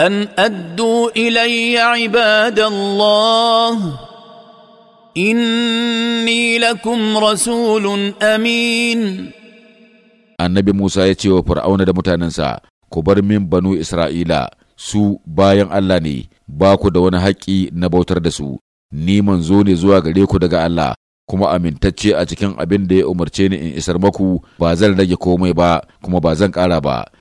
ان ادوا الي عباد الله inni lakum rasulun amin annabi Musa ya ce wa Fir'auna da mutanensa ku bar min banu Isra'ila su bayan Allah ne ba ku da wani haƙƙi na bautar da su ni manzo ne zuwa gare ku daga Allah kuma amintacce a cikin abin da ya umarce ni in isar maku ba zan rage komai ba kuma ba zan ƙara ba